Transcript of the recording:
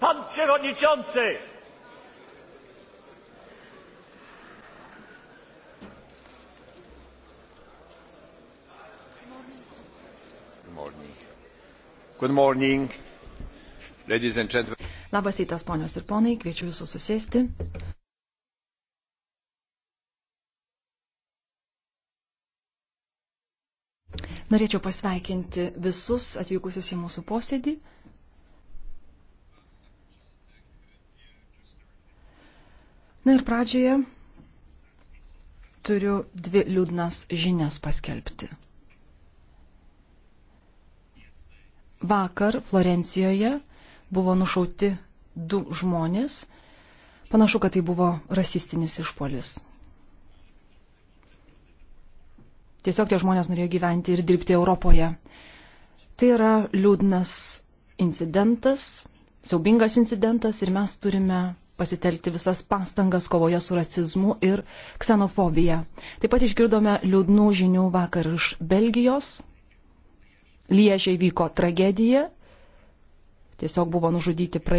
Pan Przewodniczący! Good morning. Good morning. Ladies and gentlemen. Labas rytas, ponios ir ponai, kviečiu visus susėsti. Norėčiau pasveikinti visus atvykusius į mūsų posėdį. Na ir pradžioje turiu dvi liūdnas žinias paskelbti. Vakar Florencijoje buvo nušauti du žmonės. Panašu, kad tai buvo rasistinis išpolis. Tiesiog tie žmonės norėjo gyventi ir dirbti Europoje. Tai yra liūdnas incidentas, siaubingas incidentas ir mes turime pasitelkti visas pastangas kovoje su rasizmu ir ksenofobija. Taip pat išgirdome liūdnų žinių vakar iš Belgijos. Liežiai vyko tragedija. Tiesiog buvo nužudyti praeitį.